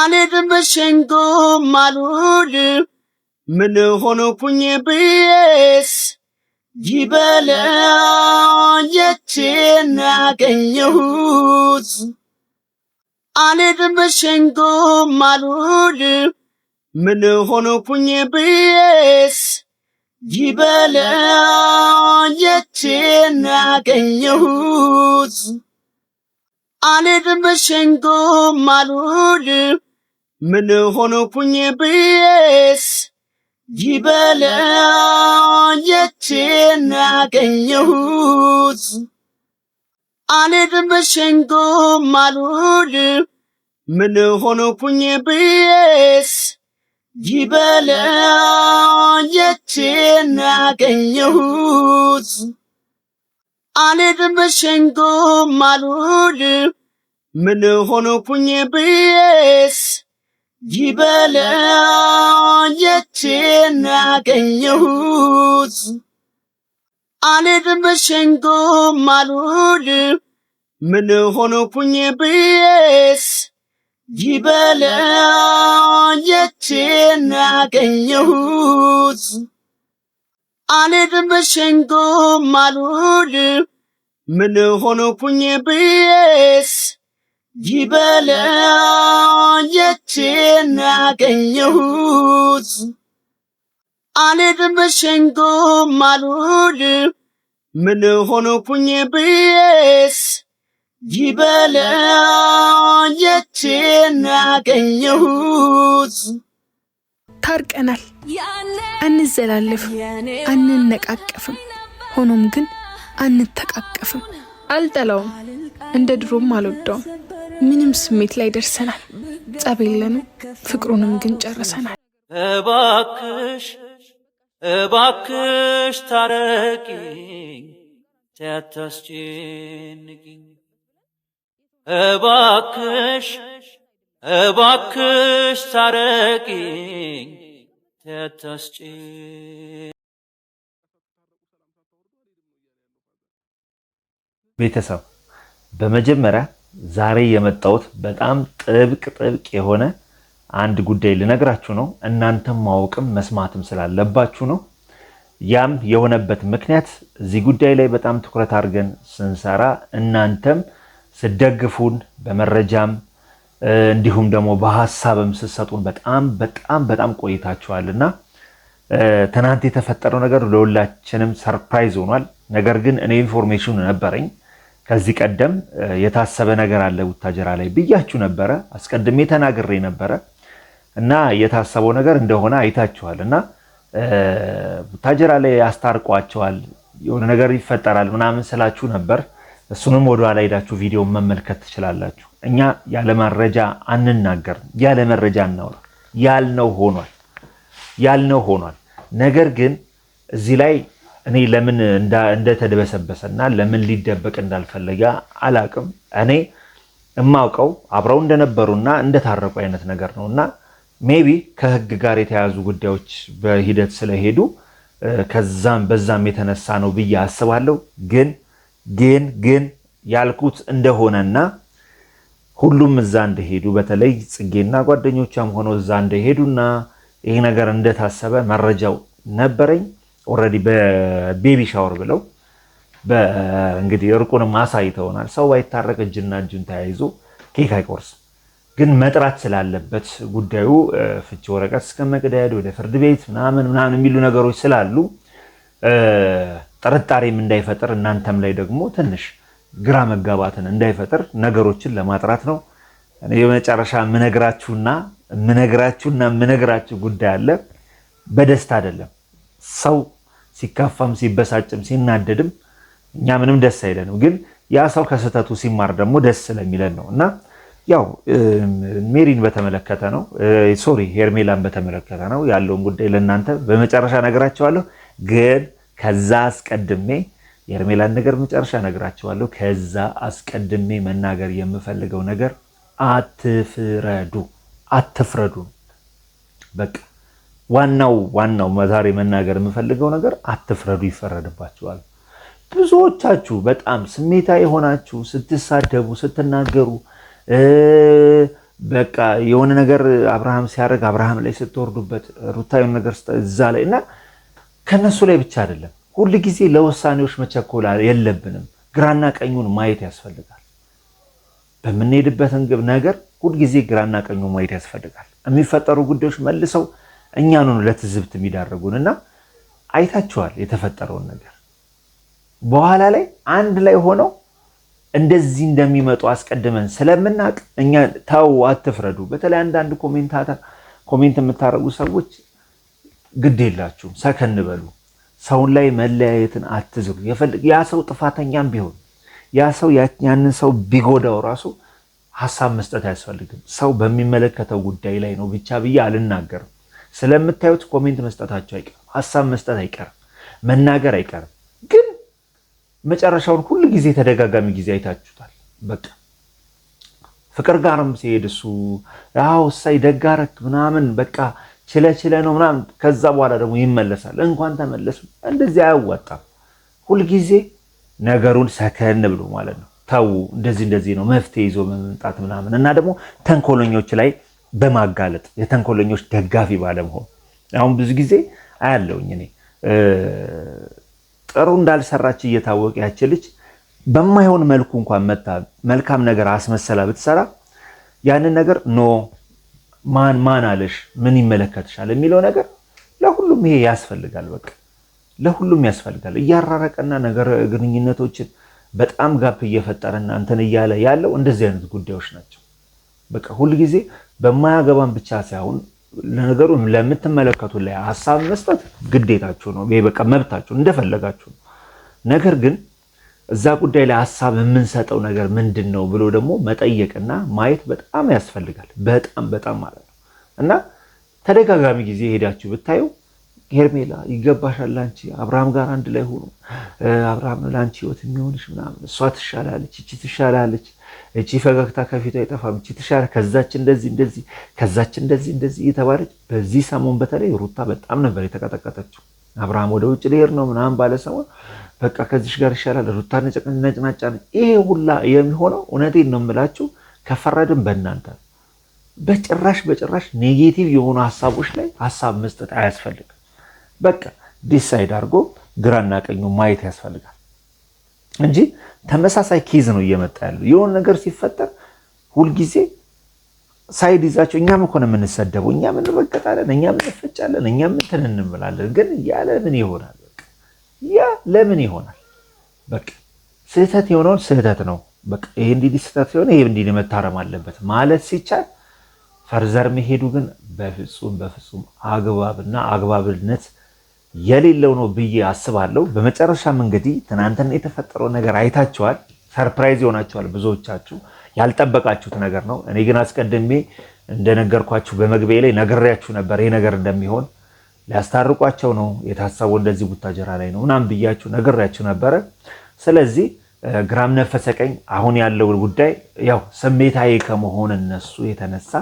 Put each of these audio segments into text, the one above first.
አልሄድም በሸንጎ ማሉል ምን ሆኖኩኝ ብዬስ ይበለየቼን ያገኘሁት አልሄድም በሸንጎ ማሉል ምን ሆኖኩኝ ብዬስ ይበለየቼን ያገኘሁት አልሄድም በሸንጎ ማሉል ምን ሆንኩኝ ብዬስ ይበለየችን ያገኘሁት አልሄድም በሸንጎም አልውልም ምን ሆንኩኝ ብዬስ ይበለየችን ያገኘሁት አልሄድም በሸንጎም አልውልም ምን ሆንኩኝ ብዬስ ይበለየችን ያገኘሁት አልድም በሸንጎም አሉል ምን ሆንኩኝ ብዬስ ይበለየችን ያገኘሁት አልድም በሸንጎም አሉል ምን ሆንኩኝ ብዬስ ይበለው የቼን ያገኘሁት አልድም በሸንጎ ማሉል ምን ሆኖኩኝ ብዬስ ይበለው የቼን ያገኘሁት ታርቀናል፣ አንዘላለፍም፣ አንነቃቀፍም። ሆኖም ግን አንተቃቀፍም። አልጠላውም፣ እንደ ድሮም አልወደውም። ምንም ስሜት ላይ ደርሰናል። ጸብ የለንም፣ ፍቅሩንም ግን ጨርሰናል። እባክሽ እባክሽ ታረቂኝ ታታስጨንቂኝ እባክሽ እባክሽ ታረቂኝ ታታስጨንቂኝ ቤተሰብ በመጀመሪያ ዛሬ የመጣሁት በጣም ጥብቅ ጥብቅ የሆነ አንድ ጉዳይ ልነግራችሁ ነው። እናንተም ማወቅም መስማትም ስላለባችሁ ነው። ያም የሆነበት ምክንያት እዚህ ጉዳይ ላይ በጣም ትኩረት አድርገን ስንሰራ እናንተም ስደግፉን በመረጃም እንዲሁም ደግሞ በሀሳብም ስሰጡን በጣም በጣም በጣም ቆይታችኋል እና ትናንት የተፈጠረው ነገር ለሁላችንም ሰርፕራይዝ ሆኗል። ነገር ግን እኔ ኢንፎርሜሽን ነበረኝ ከዚህ ቀደም የታሰበ ነገር አለ ቡታጀራ ላይ ብያችሁ ነበረ፣ አስቀድሜ ተናግሬ ነበረ እና የታሰበው ነገር እንደሆነ አይታችኋል። እና ቡታጀራ ላይ ያስታርቋቸዋል፣ የሆነ ነገር ይፈጠራል ምናምን ስላችሁ ነበር። እሱንም ወደኋላ ሄዳችሁ ቪዲዮ መመልከት ትችላላችሁ። እኛ ያለ መረጃ አንናገርም፣ ያለ መረጃ እናውራ። ያልነው ሆኗል፣ ያልነው ሆኗል። ነገር ግን እዚህ ላይ እኔ ለምን እንደተደበሰበሰና ለምን ሊደበቅ እንዳልፈለገ አላቅም። እኔ እማውቀው አብረው እንደነበሩና እንደታረቁ አይነት ነገር ነው እና ሜቢ ከህግ ጋር የተያዙ ጉዳዮች በሂደት ስለሄዱ ከዛም በዛም የተነሳ ነው ብዬ አስባለሁ። ግን ግን ግን ያልኩት እንደሆነና ሁሉም እዛ እንደሄዱ በተለይ ጽጌና ጓደኞቿም ሆነው እዛ እንደሄዱና ይህ ነገር እንደታሰበ መረጃው ነበረኝ። ኦልሬዲ በቤቢ ሻወር ብለው እንግዲህ እርቁንም አሳይተውናል። ሰው ባይታረቅ እጅና እጁን ተያይዞ ኬክ አይቆርስም። ግን መጥራት ስላለበት ጉዳዩ ፍቺ ወረቀት እስከ መቅደድ ወደ ፍርድ ቤት ምናምን ምናምን የሚሉ ነገሮች ስላሉ ጥርጣሬም እንዳይፈጥር እናንተም ላይ ደግሞ ትንሽ ግራ መጋባትን እንዳይፈጥር ነገሮችን ለማጥራት ነው። የመጨረሻ ምነግራችሁና ምነግራችሁና ምነግራችሁ ጉዳይ አለ። በደስታ አይደለም ሰው ሲከፋም ሲበሳጭም ሲናደድም እኛ ምንም ደስ አይለንም። ግን ያ ሰው ከስህተቱ ሲማር ደግሞ ደስ ስለሚለን ነው እና ያው ሜሪን በተመለከተ ነው ሶሪ ሄርሜላን በተመለከተ ነው ያለውን ጉዳይ ለእናንተ በመጨረሻ ነገራቸዋለሁ። ግን ከዛ አስቀድሜ የሄርሜላን ነገር መጨረሻ ነገራቸዋለሁ። ከዛ አስቀድሜ መናገር የምፈልገው ነገር አትፍረዱ፣ አትፍረዱ በቃ ዋናው ዋናው ዛሬ መናገር የምፈልገው ነገር አትፍረዱ፣ ይፈረድባችኋል። ብዙዎቻችሁ በጣም ስሜታ የሆናችሁ ስትሳደቡ፣ ስትናገሩ በቃ የሆነ ነገር አብርሃም ሲያደርግ አብርሃም ላይ ስትወርዱበት፣ ሩታ የሆነ ነገር እዛ ላይ እና ከነሱ ላይ ብቻ አይደለም። ሁል ጊዜ ለውሳኔዎች መቸኮል የለብንም። ግራና ቀኙን ማየት ያስፈልጋል። በምንሄድበትን ነገር ሁልጊዜ ግራና ቀኙን ማየት ያስፈልጋል። የሚፈጠሩ ጉዳዮች መልሰው እኛኑ ለትዝብት የሚዳርጉን እና አይታችኋል የተፈጠረውን ነገር። በኋላ ላይ አንድ ላይ ሆነው እንደዚህ እንደሚመጡ አስቀድመን ስለምናቅ እኛ ተው አትፍረዱ። በተለይ አንዳንድ ኮሜንት የምታደረጉ ሰዎች ግድ የላችሁም፣ ሰከን በሉ። ሰውን ላይ መለያየትን አትዝሩ። ያ ሰው ጥፋተኛም ቢሆን ያ ሰው ያንን ሰው ቢጎዳው ራሱ ሀሳብ መስጠት አያስፈልግም። ሰው በሚመለከተው ጉዳይ ላይ ነው ብቻ ብዬ አልናገርም። ስለምታዩት ኮሜንት መስጠታቸው አይቀርም፣ ሀሳብ መስጠት አይቀርም፣ መናገር አይቀርም። ግን መጨረሻውን ሁል ጊዜ ተደጋጋሚ ጊዜ አይታችሁታል። በቃ ፍቅር ጋርም ሲሄድ እሱ ያው እሳይ ደጋረክ ምናምን በቃ ችለ ችለ ነው ምናምን። ከዛ በኋላ ደግሞ ይመለሳል። እንኳን ተመለሱ። እንደዚህ አያዋጣም። ሁልጊዜ ነገሩን ሰከን ብሎ ማለት ነው ተዉ፣ እንደዚህ እንደዚህ ነው መፍትሄ ይዞ መምጣት ምናምን እና ደግሞ ተንኮለኞች ላይ በማጋለጥ የተንኮለኞች ደጋፊ ባለመሆን አሁን ብዙ ጊዜ አያለውኝ እኔ ጥሩ እንዳልሰራች እየታወቀ ያች ልጅ በማይሆን መልኩ እንኳን መታ መልካም ነገር አስመሰላ ብትሰራ ያንን ነገር ኖ ማን ማን አለሽ ምን ይመለከትሻል የሚለው ነገር ለሁሉም ይሄ ያስፈልጋል። በቃ ለሁሉም ያስፈልጋል። እያራረቀና ነገር ግንኙነቶችን በጣም ጋፕ እየፈጠረና እንትን እያለ ያለው እንደዚህ አይነት ጉዳዮች ናቸው። በቃ ሁልጊዜ በማያገባን ብቻ ሳይሆን ለነገሩ ለምትመለከቱ ላይ ሀሳብ መስጠት ግዴታችሁ ነው። ይሄ በቃ መብታችሁ እንደፈለጋችሁ ነው። ነገር ግን እዛ ጉዳይ ላይ ሀሳብ የምንሰጠው ነገር ምንድን ነው ብሎ ደግሞ መጠየቅና ማየት በጣም ያስፈልጋል። በጣም በጣም ማለት ነው። እና ተደጋጋሚ ጊዜ ሄዳችሁ ብታዩ ሄርሜላ ይገባሻል፣ ለአንቺ አብርሃም ጋር አንድ ላይ ሆኖ አብርሃም ላንቺ ህይወት የሚሆንሽ ምናምን፣ እሷ ትሻላለች፣ እቺ ትሻላለች እቺ ፈገግታ ከፊቷ አይጠፋም፣ እቺ ትሻለ፣ ከዛች እንደዚህ እንደዚህ፣ ከዛች እንደዚህ እንደዚህ እየተባለች በዚህ ሰሞን በተለይ ሩታ በጣም ነበር የተቀጠቀጠችው። አብርሃም ወደ ውጭ ልሄድ ነው ምናምን ባለ ሰሞን በቃ ከዚሽ ጋር ይሻላል ሩታ ነጭናጫ ነ ይሄ ሁላ የሚሆነው እውነቴን ነው የምላችሁ ከፈረድን በእናንተ በጭራሽ በጭራሽ ኔጌቲቭ የሆኑ ሀሳቦች ላይ ሀሳብ መስጠት አያስፈልግም። በቃ ዲሳይድ አድርጎ ግራና ቀኙ ማየት ያስፈልጋል። እንጂ ተመሳሳይ ኬዝ ነው እየመጣ ያለው። የሆነ ነገር ሲፈጠር ሁልጊዜ ሳይድ ይዛቸው እኛም እኮ ነው የምንሰደበው፣ እኛም እንረገጣለን፣ እኛም እንፈጫለን፣ እኛም እንትን እንምላለን። ግን ያ ለምን ይሆናል? ያ ለምን ይሆናል? በቃ ስህተት የሆነውን ስህተት ነው በቃ ይሄ እንዲህ ስህተት ሲሆን ይሄ እንዲህ መታረም አለበት ማለት ሲቻል ፈርዘር መሄዱ ግን በፍጹም በፍጹም አግባብና አግባብነት የሌለው ነው ብዬ አስባለሁ። በመጨረሻም እንግዲህ ትናንትና የተፈጠረው ነገር አይታችኋል። ሰርፕራይዝ ይሆናችኋል ብዙዎቻችሁ፣ ያልጠበቃችሁት ነገር ነው። እኔ ግን አስቀድሜ እንደነገርኳችሁ በመግቢያ ላይ ነግሬያችሁ ነበር ይሄ ነገር እንደሚሆን ሊያስታርቋቸው ነው የታሰቡ እንደዚህ ቡታጀራ ላይ ነው ምናምን ብያችሁ ነግሬያችሁ ነበረ። ስለዚህ ግራም ነፈሰ ቀኝ አሁን ያለው ጉዳይ ያው ስሜታዊ ከመሆን እነሱ የተነሳ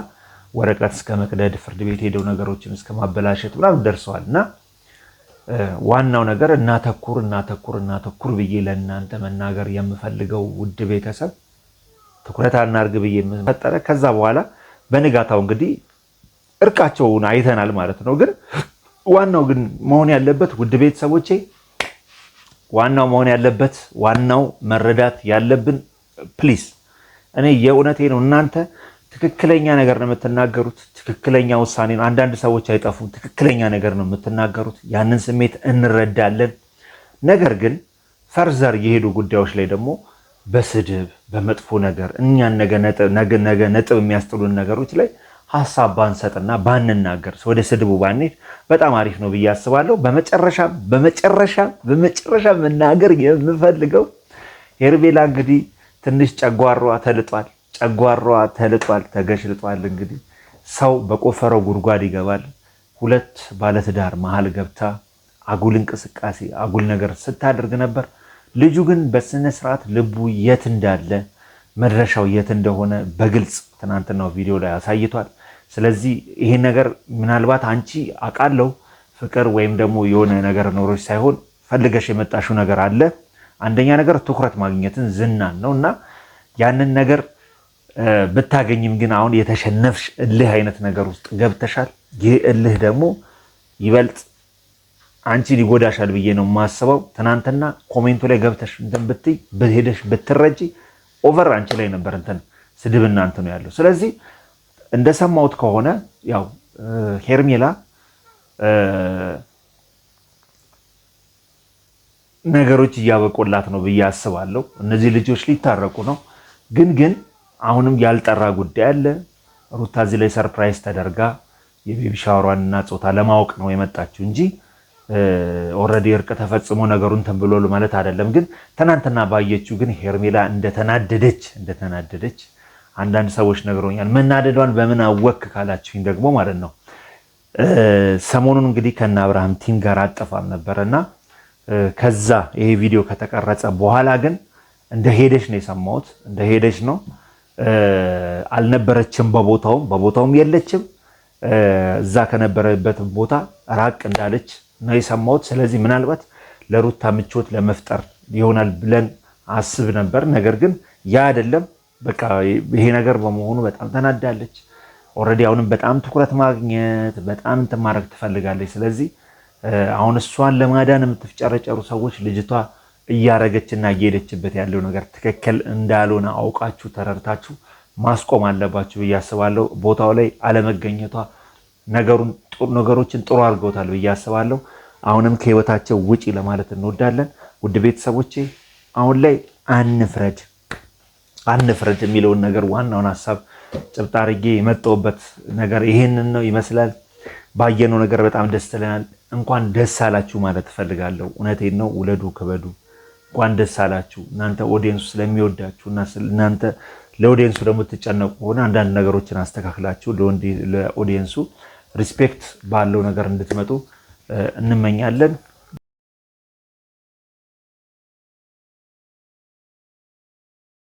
ወረቀት እስከ መቅደድ ፍርድ ቤት ሄደው ነገሮችን እስከ ማበላሸት ምናምን ደርሰዋል እና ዋናው ነገር እናተኩር እናተኩር እናተኩር ብዬ ለእናንተ መናገር የምፈልገው ውድ ቤተሰብ ትኩረት አናርግ ብዬ ፈጠረ። ከዛ በኋላ በንጋታው እንግዲህ እርቃቸውን አይተናል ማለት ነው። ግን ዋናው ግን መሆን ያለበት ውድ ቤተሰቦቼ፣ ዋናው መሆን ያለበት ዋናው መረዳት ያለብን ፕሊስ፣ እኔ የእውነቴ ነው። እናንተ ትክክለኛ ነገር ነው የምትናገሩት ትክክለኛ ነው። አንዳንድ ሰዎች አይጠፉም፣ ትክክለኛ ነገር ነው የምትናገሩት፣ ያንን ስሜት እንረዳለን። ነገር ግን ፈርዘር የሄዱ ጉዳዮች ላይ ደግሞ በስድብ በመጥፎ ነገር እኛን ነገ ነጥብ የሚያስጥሉን ነገሮች ላይ ሀሳብ ባንሰጥና ባንናገር ወደ ስድቡ ባንሄድ በጣም አሪፍ ነው ብዬ አስባለሁ። በመጨረሻ በመጨረሻ በመጨረሻ መናገር የምፈልገው ሄርቤላ እንግዲህ ትንሽ ጨጓሯ ተልጧል፣ ጨጓሯ ተልጧል፣ ተገሽልጧል እንግዲህ ሰው በቆፈረው ጉድጓድ ይገባል። ሁለት ባለትዳር መሀል ገብታ አጉል እንቅስቃሴ አጉል ነገር ስታደርግ ነበር። ልጁ ግን በስነ ስርዓት ልቡ የት እንዳለ መድረሻው የት እንደሆነ በግልጽ ትናንትናው ቪዲዮ ላይ አሳይቷል። ስለዚህ ይሄ ነገር ምናልባት አንቺ አውቃለሁ ፍቅር ወይም ደግሞ የሆነ ነገር ኖሮች ሳይሆን ፈልገሽ የመጣሽው ነገር አለ። አንደኛ ነገር ትኩረት ማግኘትን ዝናን ነው እና ያንን ነገር ብታገኝም ግን አሁን የተሸነፍሽ እልህ አይነት ነገር ውስጥ ገብተሻል። ይህ እልህ ደግሞ ይበልጥ አንቺ ይጎዳሻል ብዬ ነው የማስበው። ትናንትና ኮሜንቱ ላይ ገብተሽ እንትን ብትይ ሄደሽ ብትረጂ ኦቨር አንቺ ላይ ነበር እንትን ስድብና እንትን ያለው። ስለዚህ እንደሰማሁት ከሆነ ያው ሄርሜላ ነገሮች እያበቆላት ነው ብዬ አስባለሁ። እነዚህ ልጆች ሊታረቁ ነው ግን ግን አሁንም ያልጠራ ጉዳይ አለ። ሩታ እዚህ ላይ ሰርፕራይዝ ተደርጋ የቤቢ ሻወሯንና ጾታ ለማወቅ ነው የመጣችው እንጂ ኦልሬዲ እርቅ ተፈጽሞ ነገሩን ተንብሎ ማለት አይደለም። ግን ትናንትና ባየችው ግን ሄርሜላ እንደተናደደች እንደተናደደች አንዳንድ ሰዎች ነግሮኛል። መናደዷን በምን አወክ ካላችሁኝ ደግሞ ማለት ነው ሰሞኑን እንግዲህ ከነ አብርሃም ቲም ጋር አጠፋም ነበረ እና ከዛ ይሄ ቪዲዮ ከተቀረጸ በኋላ ግን እንደሄደች ነው የሰማሁት። እንደሄደች ነው አልነበረችም። በቦታውም በቦታውም የለችም። እዛ ከነበረበት ቦታ ራቅ እንዳለች ነው የሰማሁት። ስለዚህ ምናልባት ለሩታ ምቾት ለመፍጠር ይሆናል ብለን አስብ ነበር። ነገር ግን ያ አይደለም። በቃ ይሄ ነገር በመሆኑ በጣም ተናዳለች። ኦልሬዲ አሁንም በጣም ትኩረት ማግኘት በጣም እንትን ማድረግ ትፈልጋለች። ስለዚህ አሁን እሷን ለማዳን የምትፍጨረጨሩ ሰዎች ልጅቷ እያረገችና እየሄደችበት ያለው ነገር ትክክል እንዳልሆነ አውቃችሁ ተረድታችሁ ማስቆም አለባችሁ ብዬ አስባለሁ። ቦታው ላይ አለመገኘቷ ነገሩን ነገሮችን ጥሩ አድርገውታል ብዬ አስባለሁ። አሁንም ከህይወታቸው ውጪ ለማለት እንወዳለን። ውድ ቤተሰቦቼ አሁን ላይ አንፍረድ አንፍረድ የሚለውን ነገር ዋናውን ሀሳብ ጭብጥ አድርጌ የመጣሁበት ነገር ይሄንን ነው ይመስላል። ባየነው ነገር በጣም ደስ ትለናል። እንኳን ደስ አላችሁ ማለት እፈልጋለሁ። እውነቴን ነው። ውለዱ፣ ክበዱ እንኳን ደስ አላችሁ እናንተ ኦዲየንሱ ስለሚወዳችሁ እናንተ ለኦዲየንሱ ለምትጨነቁ ሆነ ከሆነ አንዳንድ ነገሮችን አስተካክላችሁ ለኦዲየንሱ ሪስፔክት ባለው ነገር እንድትመጡ እንመኛለን።